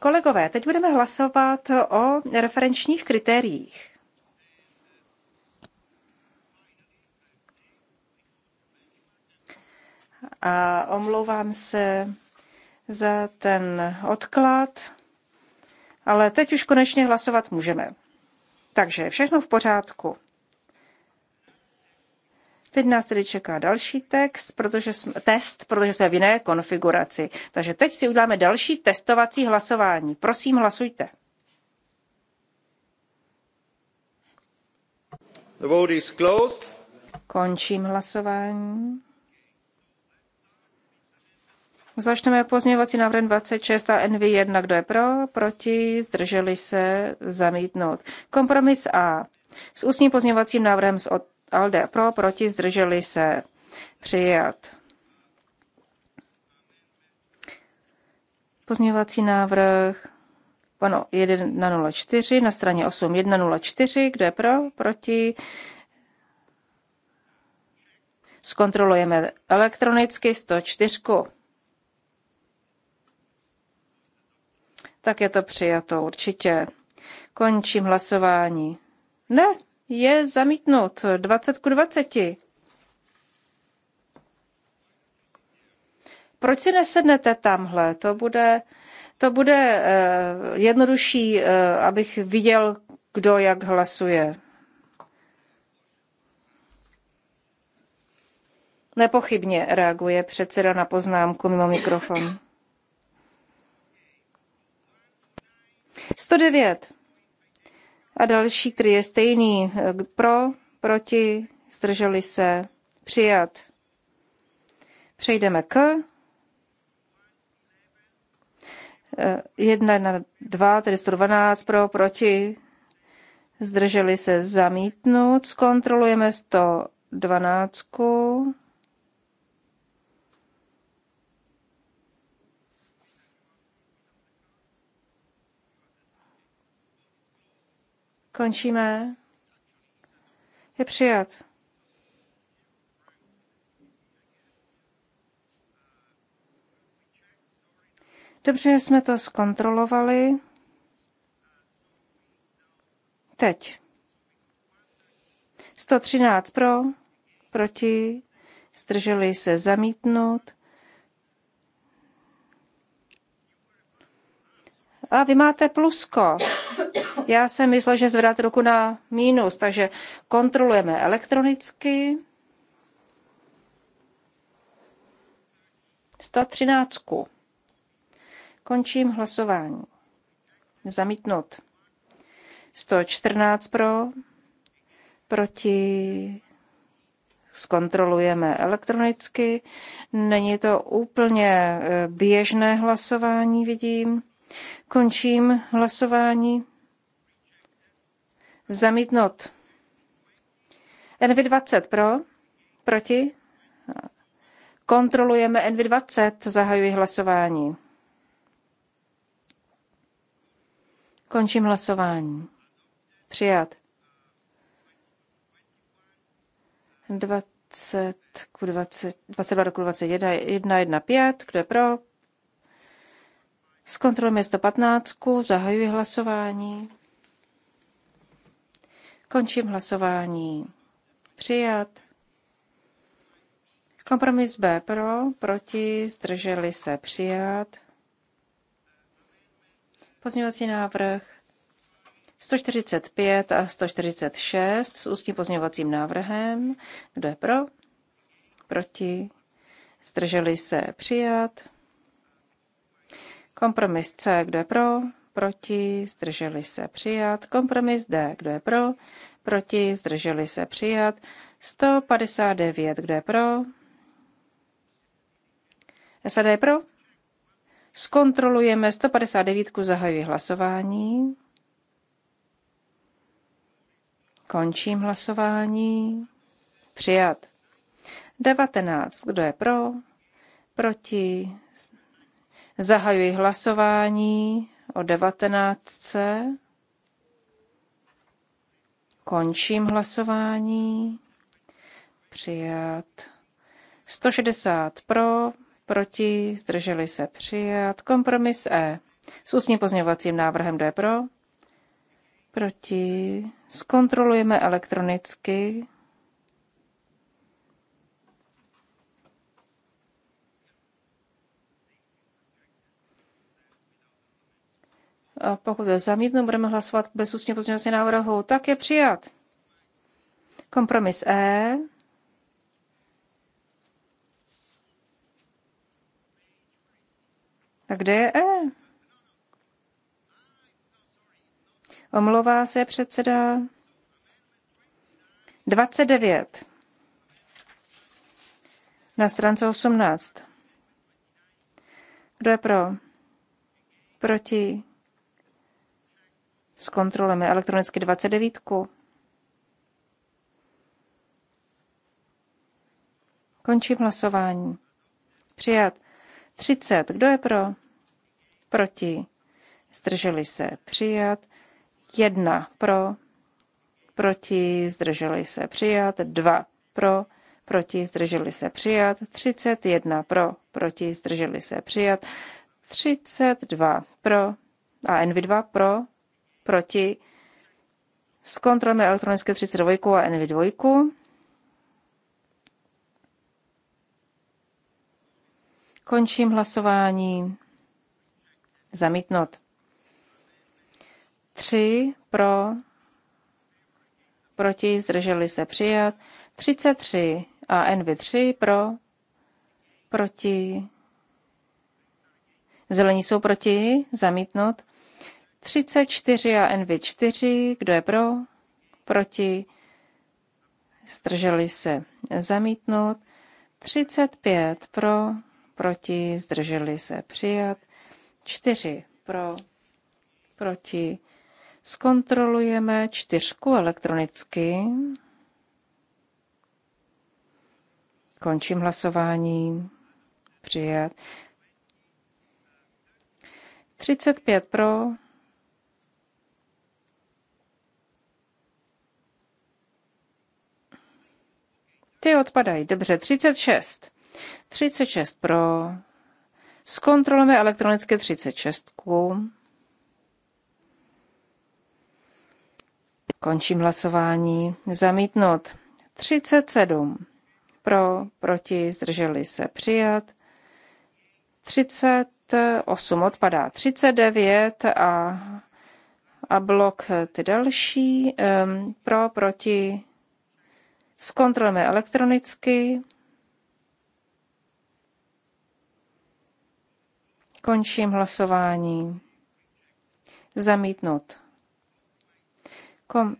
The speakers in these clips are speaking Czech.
Kolegové, teď budeme hlasovat o referenčních kritériích. A omlouvám se za ten odklad, ale teď už konečně hlasovat můžeme. Takže všechno v pořádku. Teď nás tedy čeká další text, protože jsme, test, protože jsme v jiné konfiguraci. Takže teď si uděláme další testovací hlasování. Prosím, hlasujte. The vote is closed. Končím hlasování. Začneme pozměňovací návrh 26 a NV1. Kdo je pro? Proti? Zdrželi se? Zamítnout. Kompromis A. S ústním pozměňovacím návrhem s od Alde pro, proti, zdrželi se. Přijat. Pozměňovací návrh ano, 104 na straně 8, 104, kde pro, proti. Zkontrolujeme elektronicky 104. Tak je to přijato určitě. Končím hlasování. Ne, je zamítnut 20 ku 20. Proč si nesednete tamhle? To bude, to bude uh, jednodušší, uh, abych viděl, kdo jak hlasuje. Nepochybně reaguje předseda na poznámku mimo mikrofon. 109. A další, který je stejný eh, pro, proti, zdrželi se, přijat. Přejdeme k 1 eh, na 2, tedy 112 pro, proti, zdrželi se zamítnout. Zkontrolujeme 112. Končíme. Je přijat. Dobře, jsme to zkontrolovali. Teď. 113 pro, proti, zdrželi se zamítnout. A vy máte plusko. Já jsem myslela, že zvedat ruku na mínus, takže kontrolujeme elektronicky. 113. Končím hlasování. Zamítnut. 114 pro, proti zkontrolujeme elektronicky. Není to úplně eh, běžné hlasování, vidím. Končím hlasování. Zamítnout. NV20 pro, proti. Kontrolujeme NV20, zahajuji hlasování. Končím hlasování. Přijat. 20 ku 20, 22 roku 21, 1, 1, 5, kdo je pro? Zkontrolujeme 115, zahajuji hlasování. Končím hlasování. Přijat. Kompromis B pro, proti, zdrželi se přijat. Pozměňovací návrh 145 a 146 s ústním pozměňovacím návrhem. Kdo je pro? Proti? Zdrželi se přijat. Kompromis C, kdo je pro? proti, zdrželi se přijat. Kompromis D, kdo je pro, proti, zdrželi se přijat. 159, kdo je pro. SAD je pro. Zkontrolujeme 159, zahajuji hlasování. Končím hlasování. Přijat. 19. Kdo je pro? Proti? Zahajuji hlasování o devatenáctce. Končím hlasování. Přijat. 160 pro, proti, zdrželi se přijat. Kompromis E. S ústním pozměňovacím návrhem D pro. Proti. Zkontrolujeme elektronicky. A pokud je zamítnu, budeme hlasovat bez ústně pozměňovacího návrhu. Tak je přijat. Kompromis E. Tak kde je E? Omlouvá se předseda. 29. Na stránce 18. Kdo je pro? Proti? Zkontrolujeme elektronicky 29. Končím hlasování. Přijat. 30. Kdo je pro? Proti. Zdrželi se. Přijat. 1. Pro. Proti. Zdrželi se. Přijat. 2. Pro proti, zdrželi se přijat, 31 pro, proti, zdrželi se přijat, 32 pro a NV2 pro, proti. Zkontrolujeme elektronické 32 a NV2. Končím hlasování. Zamítnout. 3 pro, proti, zdrželi se přijat. 33 a NV3 pro, proti. Zelení jsou proti, zamítnout. 34 a NV4, kdo je pro, proti, zdrželi se zamítnout, 35 pro, proti, zdrželi se přijat, 4 pro, proti, zkontrolujeme čtyřku elektronicky, končím hlasování, přijat, 35 pro, Ty odpadají. Dobře, 36. 36 pro. Zkontrolujeme elektronicky 36. Končím hlasování. Zamítnout. 37. Pro, proti, zdrželi se přijat. 38 odpadá. 39 a, a blok ty další. Um, pro, proti, Zkontrolujeme elektronicky. Končím hlasování. Zamítnout. Kom-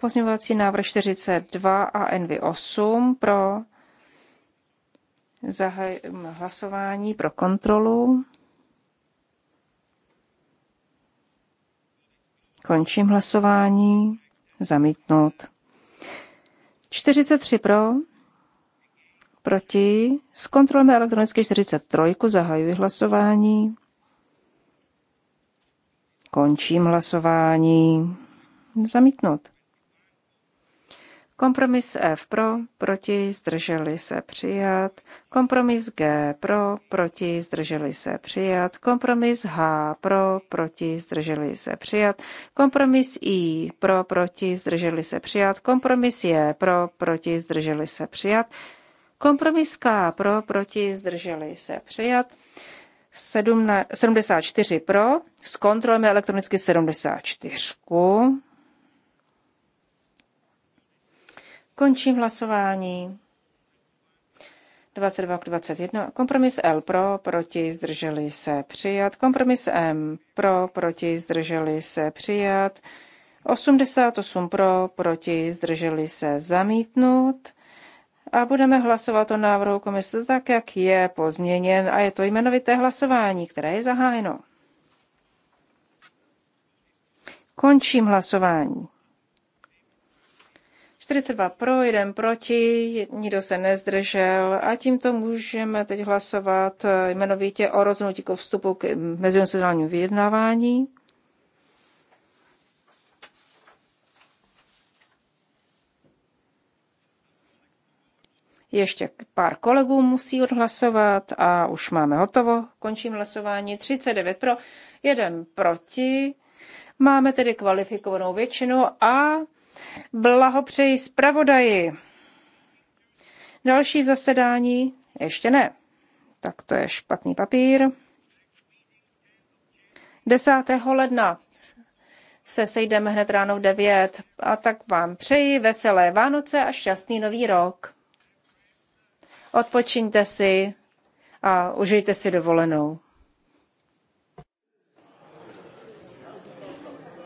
pozměňovací návrh 42 a NV8 pro zahaj- hlasování pro kontrolu. Končím hlasování. Zamítnout. 43 pro, proti, zkontrolujeme elektronicky 43, zahajuji hlasování, končím hlasování, zamítnout. Kompromis F pro, proti, zdrželi se přijat. Kompromis G pro, proti, zdrželi se přijat. Kompromis H pro, proti, zdrželi se přijat. Kompromis I pro, proti, zdrželi se přijat. Kompromis J pro, proti, zdrželi se přijat. Kompromis K pro, proti, zdrželi se přijat. 74 pro, zkontrolujeme elektronicky 74. Končím hlasování. 22 k 21. Kompromis L pro, proti, zdrželi se přijat. Kompromis M pro, proti, zdrželi se přijat. 88 pro, proti, zdrželi se zamítnut. A budeme hlasovat o návrhu komise tak, jak je pozměněn a je to jmenovité hlasování, které je zahájeno. Končím hlasování. 42 pro, jeden proti, nikdo se nezdržel a tímto můžeme teď hlasovat jmenovitě o rozhodnutí k vstupu k mezinárodnímu vyjednávání. Ještě pár kolegů musí odhlasovat a už máme hotovo. Končím hlasování. 39 pro, jeden proti. Máme tedy kvalifikovanou většinu a Blahopřeji zpravodaji. Další zasedání ještě ne. Tak to je špatný papír. 10. ledna se sejdeme hned ráno v 9. A tak vám přeji veselé Vánoce a šťastný nový rok. Odpočiňte si a užijte si dovolenou.